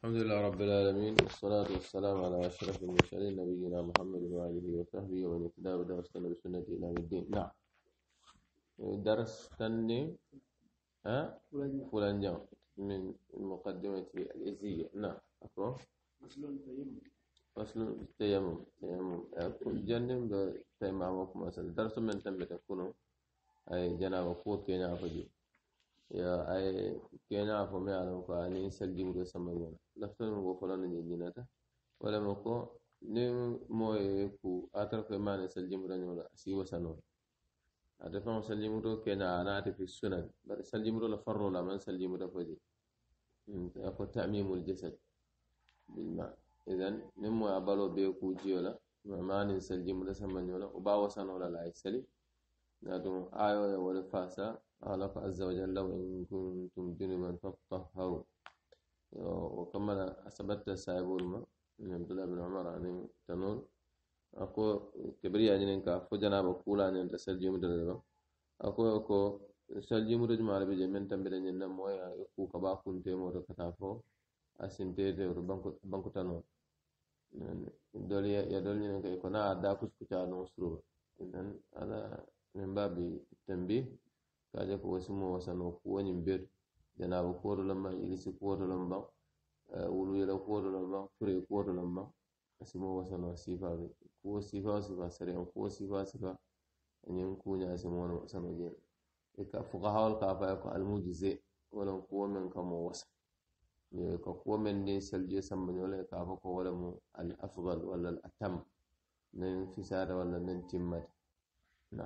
الحمد لله رب العالمين والصلاة والسلام على أشرف المرسلين نبينا محمد وآله وصحبه ومن اهتدى بهداه واستنى بسنته إلى يوم الدين نعم درس تني ها فلان من مقدمة الإزية نعم أكو فصل التيمم فصل التيمم تيمم جنم تيمم مثلا درس من تم تكون أي جناب قوت كينا فجي يا أي كينا فمي على يعني مقالين سلجي ورسم يوم لفتن وفلان نيناتا ولا مكو نيم كو أترك ما نسلم رني ولا سيوا سنور أتفهم سلم رو كنا أنا في السنن بس سلم رو لفرو لا لما سلم رو فدي أكو تعميم الجسد بالماء إذن نمو أبلو بيكو جيولا ما ننسل سمن سمنيولا وبا وسنو لا يسلي نادو آيو ولا فاسا قال عز وجل لو إن كنتم جنبا فطهروا وكمل أثبت سايبولما من عبد الله بن عمر عن تنور أكو كبري أجنين كافو جناب أقول أن أنت سلجي مدرجة أكو أكو سلجي مدرجة ما ربي جمين تنبير جنة مويا يكو كبا كنتي مورا كتافو أسنتي تيور بانكو تنور دول يدول جنين كي كنا أدا كسكتا نوصرو إذن هذا من باب التنبيه كاجا كو اسمه وسنوكو ونبير janaba kuwoto lon ban irisi kuwoto lon ban eh, wulu yela kuwoto lon ban pure kuwoto lon ban asimo wasano sifa be kuwo sifa sifa sari an kuwo sifa sifa ñin kuña asimono wasano jen e ka fukahawol ka faya ko almujize wala kuwo men kamo wasa e ka kuwo men ni selje samba ñola ka fa ko wala mu al afdal wala al atam nan fisada wala nan timmata na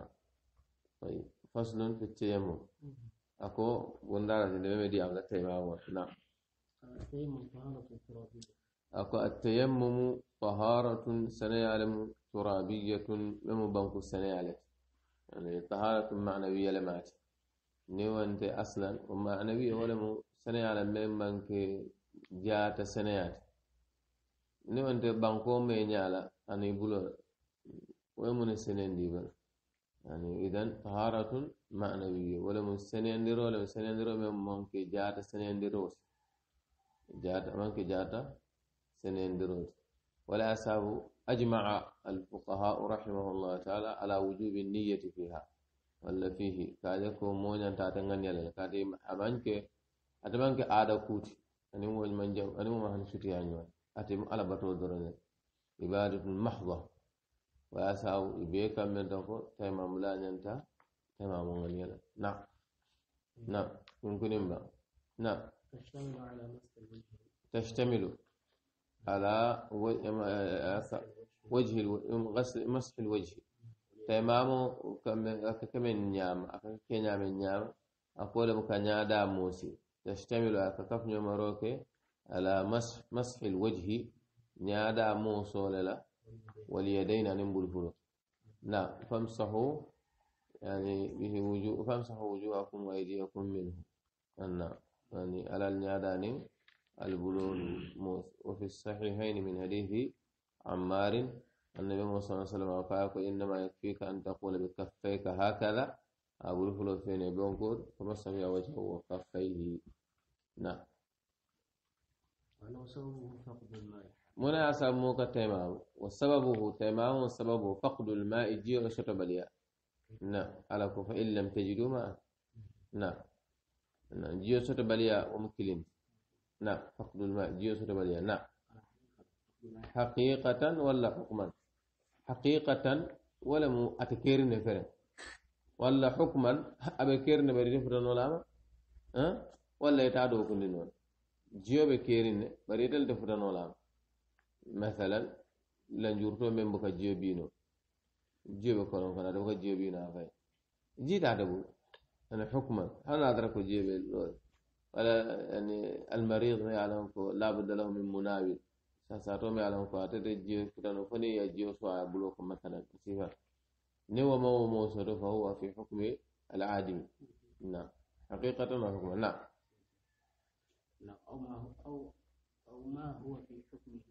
fasulun fi tiyamum mm-hmm. أكو قلنا لازم دي عملة تيمم نعم التيمم طهارة ترابية أكو التيمم طهارة سنة يعلم ترابية مم بنكو سنة يعلم يعني طهارة معنوية لمات نيو أنت أصلا ومعنوية ولم سنة يعلم من بنك جات سنيات نيو أنت بنكو مين يعلم أنا يقولون وين من دي بنا يعني إذا طهارة معنوية ولا من سنة نرو ولا من سنة نرو من مانك جات سنة نديروس جات مانك جات سنة نديروس ولا أساب أجمع الفقهاء رحمه الله تعالى على وجوب النية فيها ولا فيه كاجكو مونا تاتنغن يلا كادي أمانك أتمنك آدا كوتي أنيمو المنجم أنيمو مهن شتي عنوان يعني. أتم على بطول درنة عبادة محضة ويسعوا إبيك من دقو تيما ملا ننتا تيما مغنيلا نعم نعم ممكن ينبع نعم تشتمل على مسح الوجه تشتمل على وجه آه، آه، آه، غسل مسح الوجه تيمامو نيام أكا نيام نيام أقول بك نيادا موسي تشتمل أكا كف نيوم على مسح, الوجه نيادا موسو واليدين ننبل فلوس نعم فامسحوا يعني به وجوه فامسحوا وجوهكم وأيديكم منه نعم يعني على النعدان البلول وفي الصحيحين من حديث عمار النبي صلى الله عليه وسلم قال إنما يكفيك أن تقول بكفيك هكذا أبو الفلو فين بونكور فمسح وجهه وكفيه نعم. وأنا مناسب موكا تمام وسببه تمام هو فقد الماء جيو شتبليا نعم على فإن لم تجدوا ماء نعم نعم جيو شتبليا ومكلين نعم فقد الماء جيو شتبليا نعم حقيقة ولا حكما حقيقة ولا مو أتكير نفر ولا حكما أبكير نبري نفر ولا ما ها أه؟ ولا يتعدو كنين جيو بكيرين بريدل تفرن ولا ما masalan lanjurto men boka jiyo bino jiyo ɓe konon fana ɗo ka jiyo bino a fay jiiɗaata bo ana hukman hana atara ko jiyo ɓe ɗo wala yani almarid mi alan ko labudda lahu min munawil sasato mi alan ko atete jiyo futano foni ya jiyo so a bulo ko masalan sifa ni wa ma wo moo soto fa huwa fi hukmi al'adimi na haqiqatan wa hukman na أو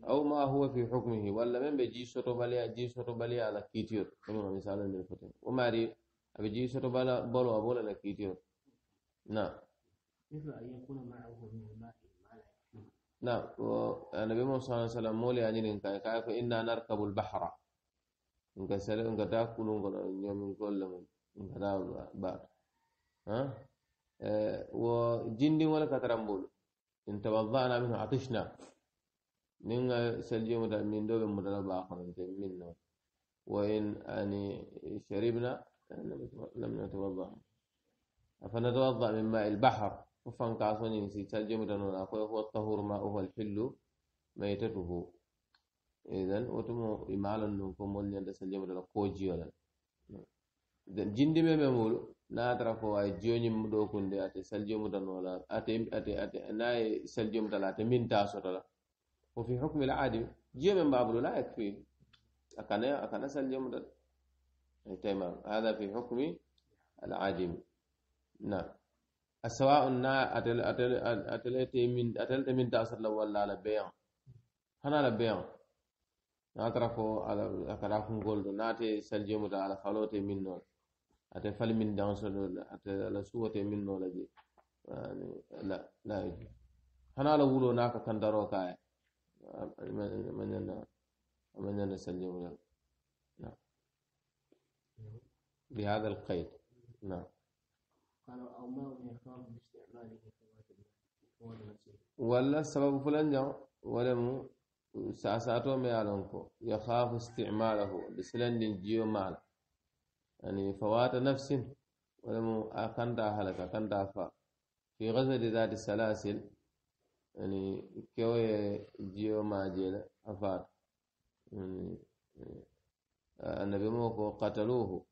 أو ما هو في حكمه ولا من بجي سوتو بالي أجي سوتو بالي على كيتير كما مثال من الفتن وماري أبي جي سوتو بالا بولو أبولا على كيتير نعم مثل أن يكون معه من الماء نعم النبي محمد صلى الله عليه وسلم مولي أجل يعني إن كان كيف إنا نركب البحر إنك كان إنك تأكل إنك يوم إنك كان كل من إنك تأكل بار ها أه، وجندي ولا كترمبول إن توضأنا منه عطشنا نعم، من سلجي من دوب مدربا آخر منه وإن أني شربنا لم نتوضأ فنتوضأ من ماء البحر وفن كاسوني سي سلجي مدربا هو الطهور ما هو الحل ميتته إذن وتمو إمالا نكم ولن سلجي مدربا كوجي ولن جندي ميمولو naatara ko ay jiyoñim ɗo kunde ate saljo mu wala ate ate ate saljo mu saljomutala ate min ta so sotola wo fi hukmi laadi jiyo men mbabulo la yakfi akana akana ay tamam hada fi hukm al adi na na atel atel atel hukmi aladim nam سواء نا أتل أتل أتلت من أتلت من تأصل ولا على بيع هنا على بيع نعترفه على أكرافهم saljo mu سلجمة على خلوتي min نور ate fali min dansolo ate ala suwote min no la je la yaju hana ala wulo من من يعني من amañana sanjamuyal نعم بهذا القيد نعم قالوا أو ما يخاف باستعماله ولا سبب فلان جاء ولا مو ساساتو يعلمكم يخاف استعماله بسلند الجيو ماله يعني فوات نفس ولم أكندا هلك أكندا فا في غزل ذات السلاسل يعني كوي جيو ما جيل أفات يعني النبي موكو قتلوه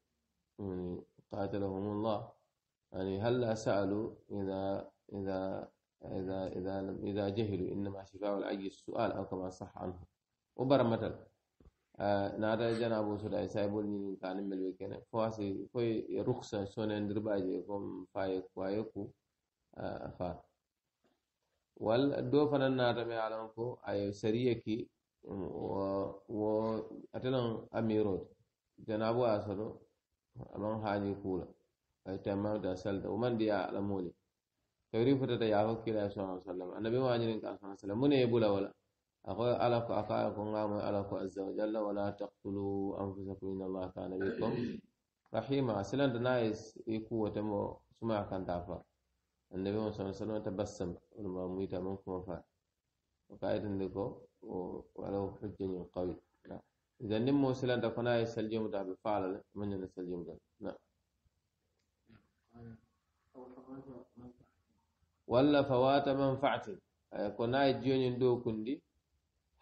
يعني قاتلهم الله يعني هل سألوا إذا إذا إذا إذا إذا جهلوا إنما شفاء العجز السؤال أو كما صح عنه وبر naata jana bo soda sa bol ni tanim mel kene fo asi fo ruksa sonen dirbaje kom faye kwaye ku fa wal do fanan naata me alam ko ay sariya ki wo atalan amirot jana bo asoro aman haji kula ay tamam da salda o man diya alamole tawri fotata yaako kila sallallahu alaihi wasallam annabi wajin ka sallallahu alaihi wasallam mune bula wala أقول ألك أكايكم غام ألك عز وجل ولا تقتلوا أنفسكم إن الله كان بكم رحيما سلند نايس يكو تمو سمع كان تعفر النبي صلى الله عليه وسلم تبسم ولما ميت منكم فا وقاعد عندكم ولو حجة قوي إذا نمو سلند كنا يسلجم ده بفعل من يسلجم ده نعم ولا فوات منفعة كنا يجيون دو كندي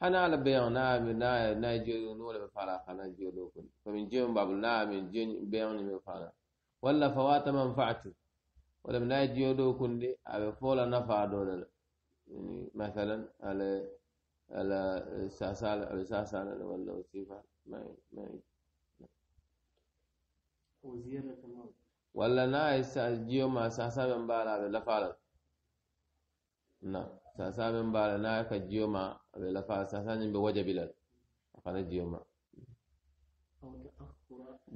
هنا على بيان نام نام نام جيو نور بفلا خنا جيو لوكن فمن جيو باب نام من جيو بيان بفلا ولا فوات منفعته ولا من نام جيو لوكن دي على فولا نفع دولا مثلا على على ساسال على ساسال ولا وصيفة ما لا وزيرة ولا نايس جيو ما ساسال من بالا بلا فلا نعم ساسال من بالا نايك جيو ما على لفا أساسا بوجه بلاد أخنا جيوما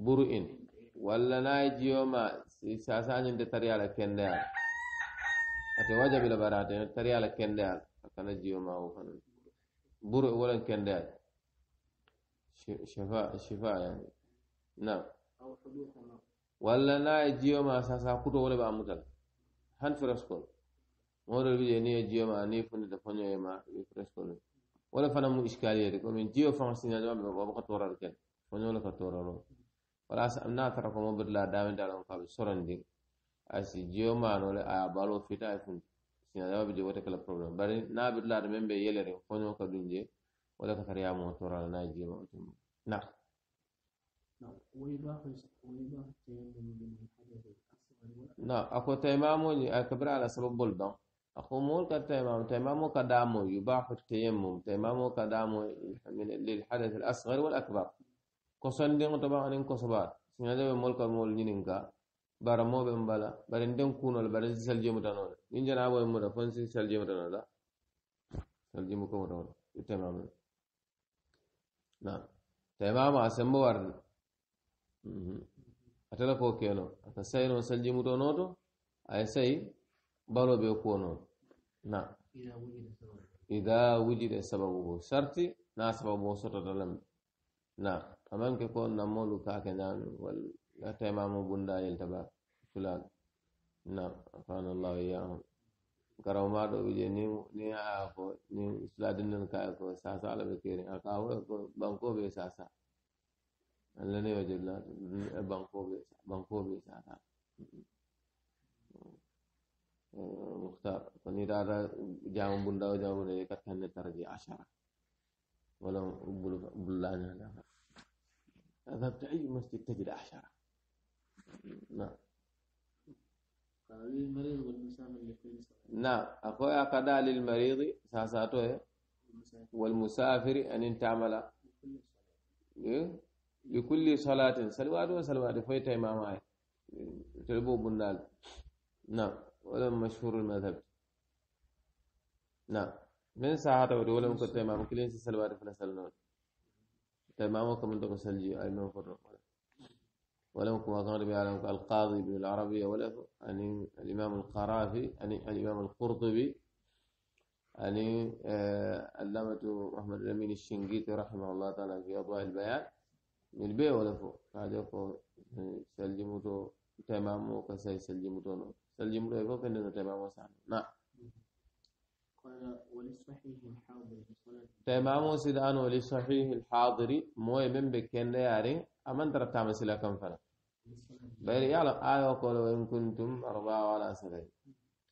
buru in walla nayi jiyoma sasañinde tari ala kende ala ate wajabi la barate tari ala kende ala akana jiyoma o fana buru wolan kende ala shifa shifa yani na walla nayi jiyoma sasa kuto wole ba mutal han freskol moɗol wiƴe ni e jiyoma ani fundita foñoyema i freskol ولا فانا مو إشكالية لك ومن جيو فانسينا جمع وابقى تورا لك ونولا كتورا لك ولا سامنا تركم وبر لا دامن دارون قابل سورن دي أسي جيو ما مانو لأ آه، بالو فتا فين سينا بيجو تا كلا وتكلا problem نا نابر لا ميم بي يلي ري فنو كدون جي ولا كتريا مو تورا لنا جيو نعم وإباحة وإباحة نعم أكو تيمامو ني أكبر على سبب بلدان أخمول مول كتيمم تيمم كدامو يباح التيمم تيمم من للحدث الأصغر والأكبر كسن دين طبعا إن كسبات سنادة مول كمول نينكا برمو بمبلا برندم كونو برز سلجي متنول من جنابه يمودا فنس سلجي متنول سلجي مكو متنول تيمم نعم تيمم أسمو ورد أتلاقوا كيانو أتساينو سلجي متنول أيساي balo ɓe kono na ida wujide sababuhu sarti na sababu sotota lam na amanke ko nammolu kake ñami walla temamu bunda yeltaba fulan na afana llahu iyahum karawmaɗo wije ni ni aya ko ni sulaadinden kaya ko sasa ala ɓe keri aka woya ko bankoɓe sasa allah ne yo jella e bankoɓe bankoɓe sasa مختار ونرى جاون بندا وجاون بندا كتن ترجي عشرة ولا بلان هذا ذهبت مسجد تجد عشرة نعم نعم أخويا قضاء للمريض ساساته إيه؟ والمسافر أن عمل إيه؟ لكل صلاة سلوات وسلوات فيتا إمامها تلبو بنال نعم ولم مشهور المذهب نعم من ساعات ولم كنت امام كلين سلوات فلا سلنا تمام كم انت مسلجي من فرق ولم كما كان بيعلم القاضي بالعربية ولا يعني الإمام القرافي يعني الإمام القرطبي يعني علامة محمد الأمين الشنقيطي رحمه الله تعالى في أضواء البيان من بي ولا فوق هذا يقول آه، سلجمته تمام وكسي سلجمته سلم له فوق لنا تبع وسعنا نعم قال ولصحيح الحاضر ولصحيح الحاضر موي من بكن يارين أمن ترى تعمل سلا كم فنا بير يعلم آية وقول إن كنتم أربعة ولا سبعة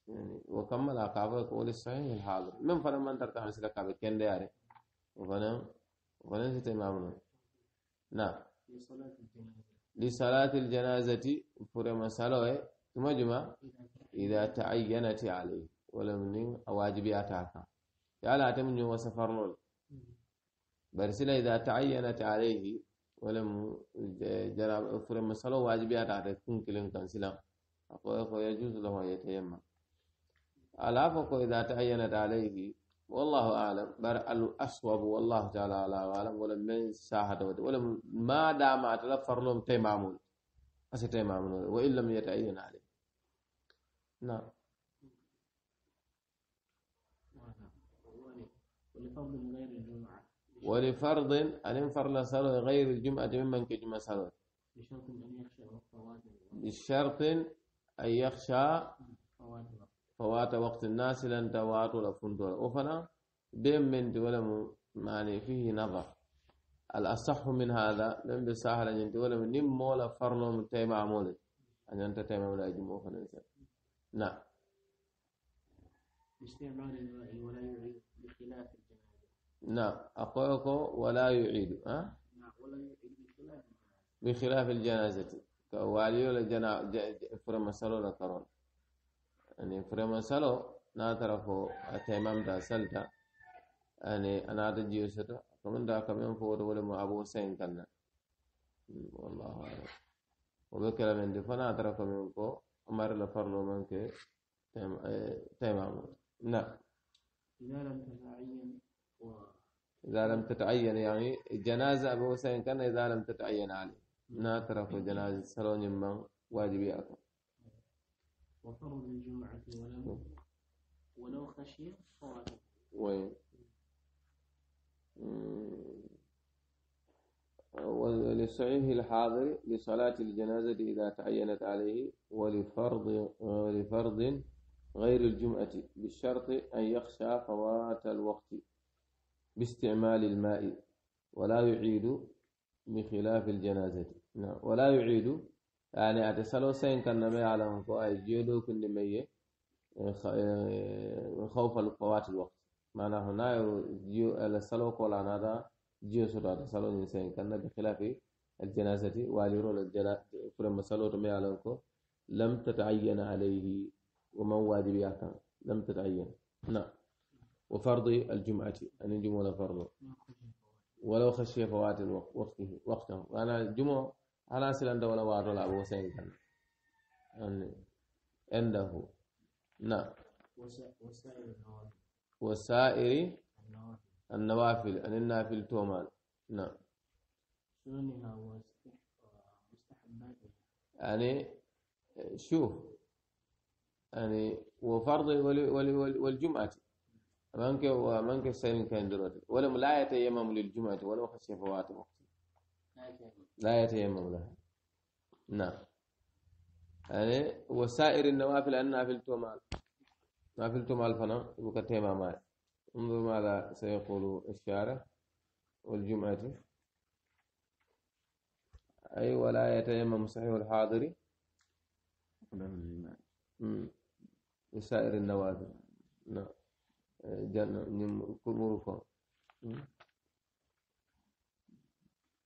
يعني وكمل أقابل قول الصحيح الحاضر من فنا من ترى تعمل سلا كم كن يارين وفنا وفنا تمام نعم لصلاة الجنازة لصلاة الجنازة فرما سلوه ثم جمع إذا تعينت عليه ولم نين واجبيات هكا يالا تمن يوم سفر لول برسل إذا تعينت عليه ولم جرى فرم صلو واجبيات هكا كن كلن كان سلام أقول يجوز له أن يتيمم ألا فكو إذا تعينت عليه والله أعلم بر الأصوب والله تعالى أعلم ولم من ساحة ولم ما دام أتلفر لهم تيمامون أستطيع معمول وإن لم يتعين عليه نعم ولفرض غير الجمعة ولفرض أن صلاة غير الجمعة ممن كجمع صلاة بشرط أن يخشى فوات بشرط أن يخشى فوات وقت الناس لن تواتوا لفندولا أفنى بين من دولهم يعني فيه نظر الأصح من هذا لم بسهل أن ولا من نم مولا فرنو من تيمع مولد أن أنت تيمة ولا يجمع فنسا نعم استعمال ولا يعيد بخلاف الجنازة نعم أقولك ولا يعيد أه؟ نعم ولا يعيد بخلاف الجنازة بخلاف الجنازة كوالي ولا جنا فرما سلو لا كرون يعني فرما سلو ناترفو أتيمام دا سلتا يعني أنا تجيو ومن ذاك من فوت ولم أبو سين كنا والله أعلم وبكلا من دي فنا أترك منكو أمر لفرلو منك تمام نعم إذا لم تتعين إذا لم تتعين يعني جنازة أبو سين كان إذا لم تتعين عليه في جنازة سلون من واجبي أكو وفرض الجمعة جمعة ولو خشي صلاته وين الصحيح الحاضر لصلاة الجنازة إذا تعينت عليه ولفرض ولفرض غير الجمعة بشرط أن يخشى فوات الوقت باستعمال الماء ولا يعيد بخلاف الجنازة نعم ولا يعيد يعني أتسلو سين كان ما يعلم فأي جيلو كن مية خوف فوات الوقت معناه هنا يو السلو عن هذا جيو سودا تسلو سين كان بخلاف الجنازة واليرون الجنازة فلما صلوا ما يعلنكو لم تتعين عليه ومن واجب كان لم تتعين نعم وفرض الجمعة أن الجمعة فرض ولو خشي فوات وقته وقته وأنا الجمعة أنا سلندة ولا وارد ولا أبو سين كان عنده نعم وسائر النوافل أن النافل تومان نعم آه، يعني شوف يعني وفرض والجمعة منك ومنك سين كان دروت ولم لا يتيمم للجمعة ولا خشي فوات وقت لا يتيمم لها نعم يعني وسائر النوافل أن نافلتو مال نافلت مال فنا وكتيمم مال انظر ماذا سيقول الشارع والجمعة أي ولا يتيمم صحيح الحاضر وسائر نعم. النوادر نعم جنة كمروفا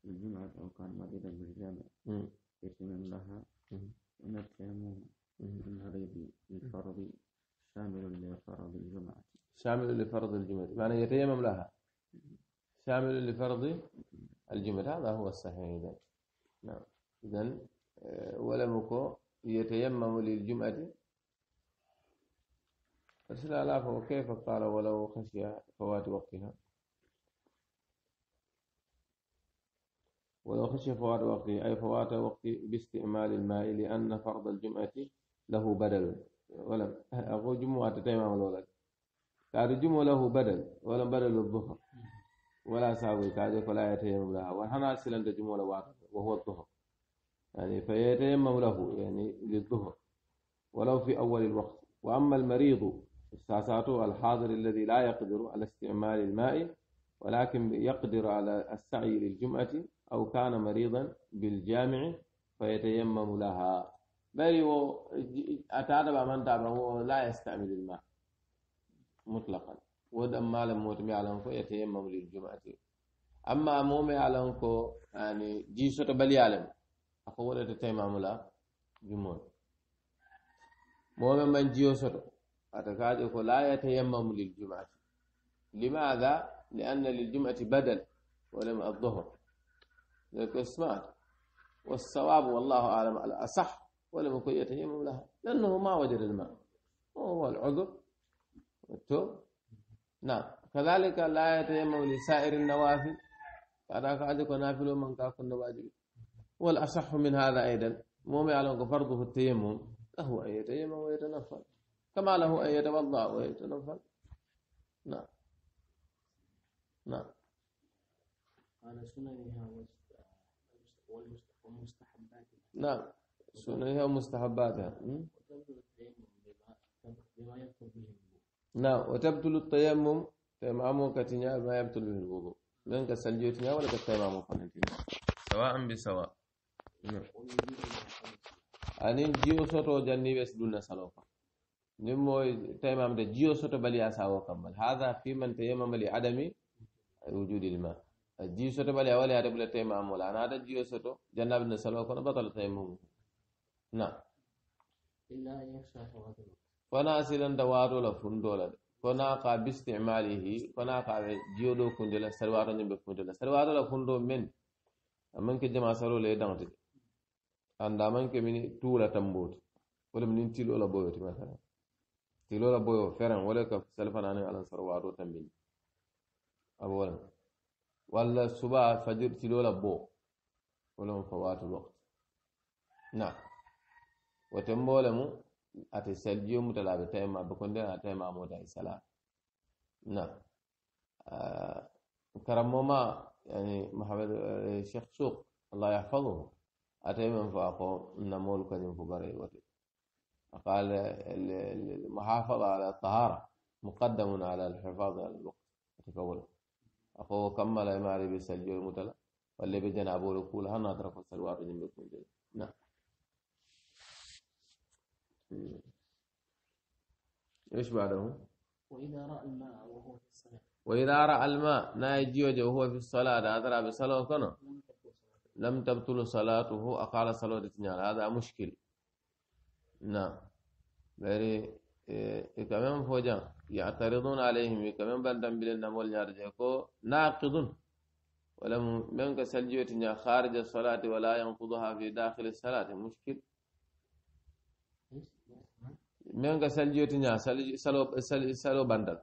الجمعة أو كان مريضا بالجامع يتمم لها أن التيمم المريض للفرض شامل لفرض الجمعة شامل لفرض الجمعة معنى يتيمم لها شامل لفرض الجمعة هذا هو الصحيح إذا نعم إذن آه، ولمك يتيمم للجمعة أرسل الله كيف قال ولو خشي فوات وقتها ولو خشي فوات وقتها أي فوات وقت باستعمال الماء لأن فرض الجمعة له بدل ولم أقول جمعة تيمم الولد كاد الجمعة له بدل ولم بدل الظهر ولا ساوي كاد ولا يتيمم لها وحنا أنت جمعة واقع وهو الظهر يعني فيتيمم له يعني للظهر ولو في أول الوقت وأما المريض ساساته الحاضر الذي لا يقدر على استعمال الماء ولكن يقدر على السعي للجمعة أو كان مريضا بالجامع فيتيمم لها بل أتعرف من تعبه لا يستعمل الماء مطلقا ودم ما لم يتم يعلم فيتيمم للجمعة amma momi alan ko ani ji soto baliyalem ako woɗete taymamula jumon momi man jiyo soto ata kaƴo ko la yatayammamu liljumati limaha lianna liljumati badal ولم الظهر ذلك اسمعت والصواب والله اعلم على اصح ولم يكن يتيمم لها لانه ما وجد الماء وهو العذر والتوب نعم كذلك لا يتيمم لسائر النوافل كذا كاد نافل ومن كاكن واجب والأصح من هذا أيضا مومي على فرضه التيمم له أن يتيمم ويتنفل كما له أن يتوضأ ويتنفل نعم نعم على سننها ومستحباتها نعم سننها ومستحباتها نعم وتبدل التيمم تيمم كتنيا ما يبتل به الوضوء لنك سلجوتنا ولا كتاما مقننتنا سواء بسواء أنين جيو سوتو جاني بس دون سلوكا نموي تيمام ده جيو سوتو بلي أساو كمل هذا في من تيمام تيمم لعدم وجود الماء جيو سوتو بلي أولي هذا بلا تيمام ولا أنا هذا جيو سوتو جنب دون سلوكا بطل تيمام نعم إلا يخشى فواصل فأنا أسيلا دوارو لفندولا ده فناقا باستعماله فناقا جيولو كندلا سروارا نبي كندلا سروارا لا كندو من من كجما سرو لي دانتي anda man ke mini tuula tamboti wala min tilo la boyo ti masala tilo la boyo feran wala ka salfana ne ala sarwaro tambini abo wala wala suba fajir tilo la bo wala fawatu waqt na watambo la mu ate saljiyo mutala aɓe tayma ɓe kondena a tayma mota e sala na karammo ma yani mahamad cheikh souk allah yahfaduhu atay men fa ko namol kañum fo bara e wote قال المحافظة على الطهارة مقدم على الحفاظ على الوقت تقول أخو كمل ما عليه بسلجو المتلا واللي بجنا أبو الكول هنا أدركوا سلوات جنبكم نعم ايش بعده؟ واذا راى الماء وهو في الصلاه واذا راى الماء نايجي وهو في الصلاه هذا راه بصلاه كنا لم تبطل صلاته اقال صلاه هذا مشكل نعم بري إيه، إيه، كمان فوجا يعترضون عليهم إيه، كمان بندم بلنا مول نارجكو ناقض ولم من كسلجوت خارج الصلاة ولا ينقضها في داخل الصلاة مشكل men ka saljiyoti ña salo bandal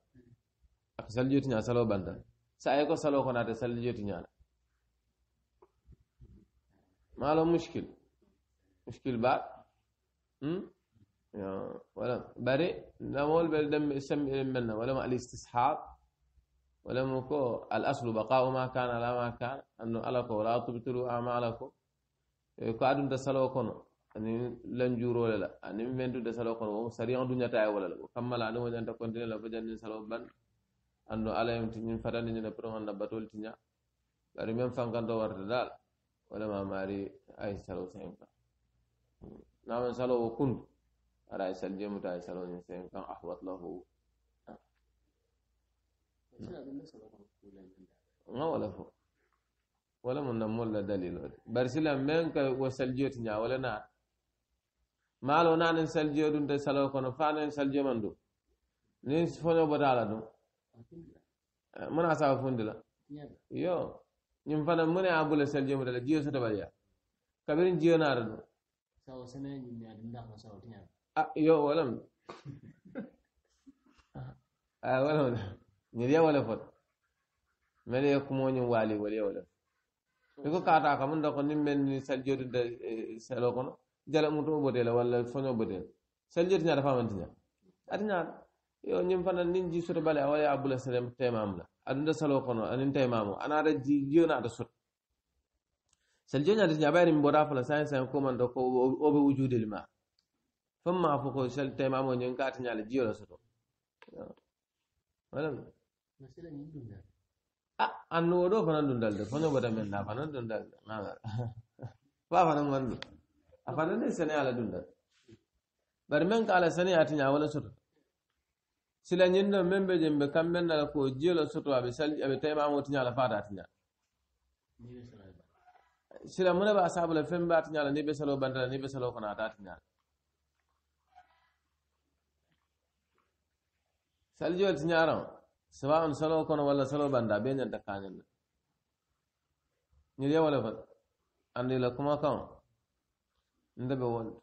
aka saljiyoti ña salo bandal sa ay ko salo ko naate saljiyoti ñana maalo muskil muskil ba hmm? wala bari namol bel dem sem melna wala ma al istishab wala mu ko al aslu baqa'u ma kana la ma kana annu alako wala tubtilu a'malakum ko adum da salo kono ani lan juurole la ani mentude salo kono wom sariyan duñata e wala la o kammala ani woñanta continue la fojandin salo ban anno alayam tiñin fatandi ñine pour na batol tiña bari men fankanto war dal wala ma mari ay salo senka namen salo o kuntu ara ay sal jemuta ay salo ñin senka ahwat lahu nga wala fo wala mun na molla dalilode bari sila men ka wala na maalo nanen saljiyo ɗum te salo kono fanen saljiyo man ɗum ni foño botala ɗum mona sawa fundi la yo ñum fana mune a bula saljiyo mutala jiyo sotoɓalya kabirin jiyo naata ɗum yo walam walam ñir yewole fot mbeɗa ye kumoñum waali wol yewole iko kata ka mun ɗo ko nin men ni saljiyo ɗum te salo kono jala muto bote la walla foño bote la sanjeti ñaata famanti ña ati ñaata yo ñim fana nin ji soto bale a wala a bula sere taymamu la adunda salo kono anin taymamu anaata ji jiyo naata soto sel jo ñaata ña bayri mi boda fala sayin sayin komanta ko obe wujudel ma famma fo ko sel taymamu ñin kaati ñaala jiyo la soto walam a annu o ɗo fana dundal de foño bota men na fana dundal de nagar fa fana mandu afata ne sene ala dunda bari men ka ala sene ati nya wala soto sila nyindo men be jembe kamben na ko jelo soto abe sali abe tema moti nya ala fata ati nya sila muna ba asabu la femba ati nya ala ni be salo bandala ni be salo kana ati nya saljo ati nya ran sawa salo kono wala salo banda be nya da kanin ni wala fa andi la kuma kan nda ɓe wonde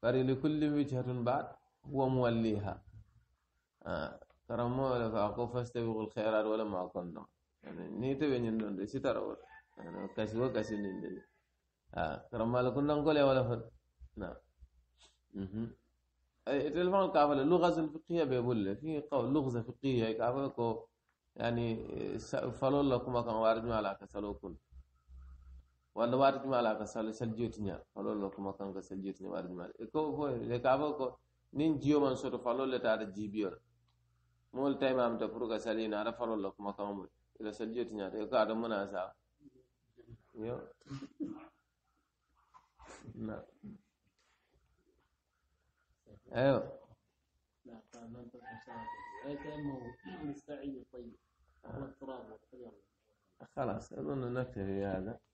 bari li kulli wijhatun bad huwa muwalliha karamo wala fa ko fastabiqu lkhairat wala ma konno ni to ɓe ñin ɗon de sitara wol kasi wo kasi nin de karamo ala kundankole wala fon na etel fan kafale lugasul fiqiya ɓe ɓulle fi qaw lugsa fiqiya kafale ko yani falolla kuma kan waridmi ala ka salo kun wanda wata la ka sala sal jotiña falollo kuma ka sal jotiña wata jumala e ko fo le ka bo ko nin jiyo man soto falo le ta da mol tay mam ta furu ka salina falo lo kuma kan mo ila sal jotiñata e ka ada muna sa yo na ayo خلاص اظن نكتفي بهذا